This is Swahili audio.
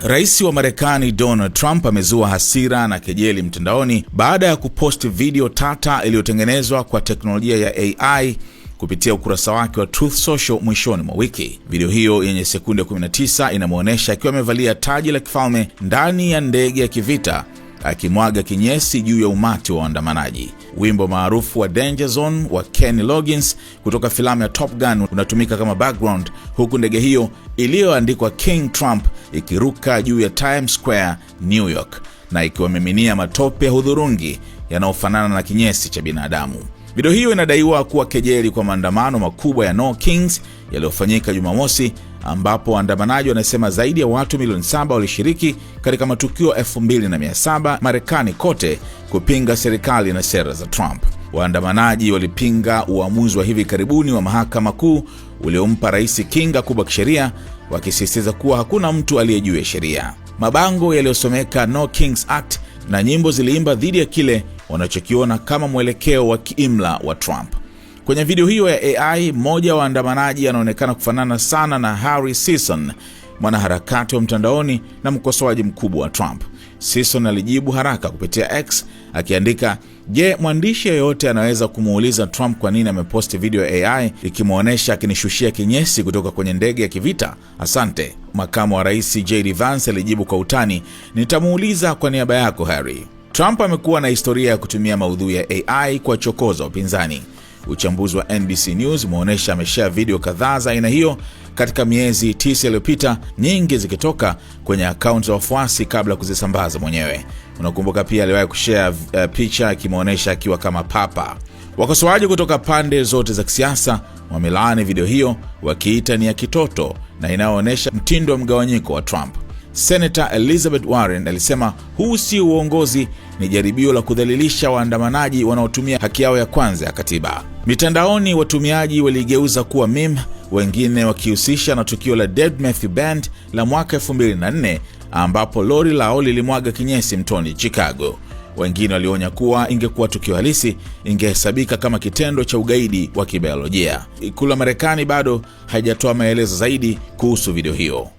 Rais wa Marekani Donald Trump amezua hasira na kejeli mtandaoni baada ya kuposti video tata iliyotengenezwa kwa teknolojia ya AI kupitia ukurasa wake wa Truth Social mwishoni mwa wiki. Video hiyo yenye sekunde 19 inamwonyesha akiwa amevalia taji la kifalme ndani ya ndege ya kivita akimwaga kinyesi juu ya umati wa waandamanaji. Wimbo maarufu wa Danger Zone wa Kenny Loggins kutoka filamu ya Top Gun unatumika kama background, huku ndege hiyo iliyoandikwa King Trump ikiruka juu ya Times Square, New York na ikiwamiminia matope ya hudhurungi yanayofanana na kinyesi cha binadamu. Video hiyo inadaiwa kuwa kejeli kwa maandamano makubwa ya No Kings yaliyofanyika Jumamosi, ambapo waandamanaji wanasema zaidi ya watu milioni saba walishiriki katika matukio 2700 Marekani kote kupinga serikali na sera za Trump. Waandamanaji walipinga uamuzi wa hivi karibuni wa mahakama kuu uliompa rais kinga kubwa kisheria wakisisitiza kuwa hakuna mtu aliye juu ya sheria. Mabango yaliyosomeka No Kings Act na nyimbo ziliimba dhidi ya kile wanachokiona kama mwelekeo wa kiimla wa Trump. Kwenye video hiyo ya AI, mmoja wa waandamanaji anaonekana kufanana sana na Harry Sison, mwanaharakati wa mtandaoni na mkosoaji mkubwa wa Trump. Sison alijibu haraka kupitia X akiandika, je, mwandishi yeyote anaweza kumuuliza Trump kwa nini ameposti video ya AI ikimwonyesha akinishushia kinyesi kutoka kwenye ndege ya kivita? Asante. Makamu wa rais JD Vance alijibu kwa utani, nitamuuliza kwa niaba yako Harry. Trump amekuwa na historia ya kutumia maudhui ya AI kuwachokoza upinzani Uchambuzi wa NBC News umeonyesha ameshare video kadhaa za aina hiyo katika miezi tisa iliyopita, nyingi zikitoka kwenye akaunti za wafuasi kabla ya kuzisambaza mwenyewe. Unakumbuka pia aliwahi kushea uh, eh, picha akimwonyesha akiwa kama papa. Wakosoaji kutoka pande zote za kisiasa wamelaani video hiyo wakiita ni ya kitoto na inayoonyesha mtindo wa mgawanyiko wa Trump. Senator Elizabeth Warren alisema huu si uongozi, ni jaribio la kudhalilisha waandamanaji wanaotumia haki yao ya kwanza ya katiba. Mitandaoni watumiaji waligeuza kuwa meme, wengine wakihusisha na tukio la Dead Matthew Band la mwaka 2004 ambapo lori lao lilimwaga kinyesi mtoni Chicago. Wengine walionya kuwa ingekuwa tukio halisi, ingehesabika kama kitendo cha ugaidi wa kibiolojia. Ikulu ya Marekani bado haijatoa maelezo zaidi kuhusu video hiyo.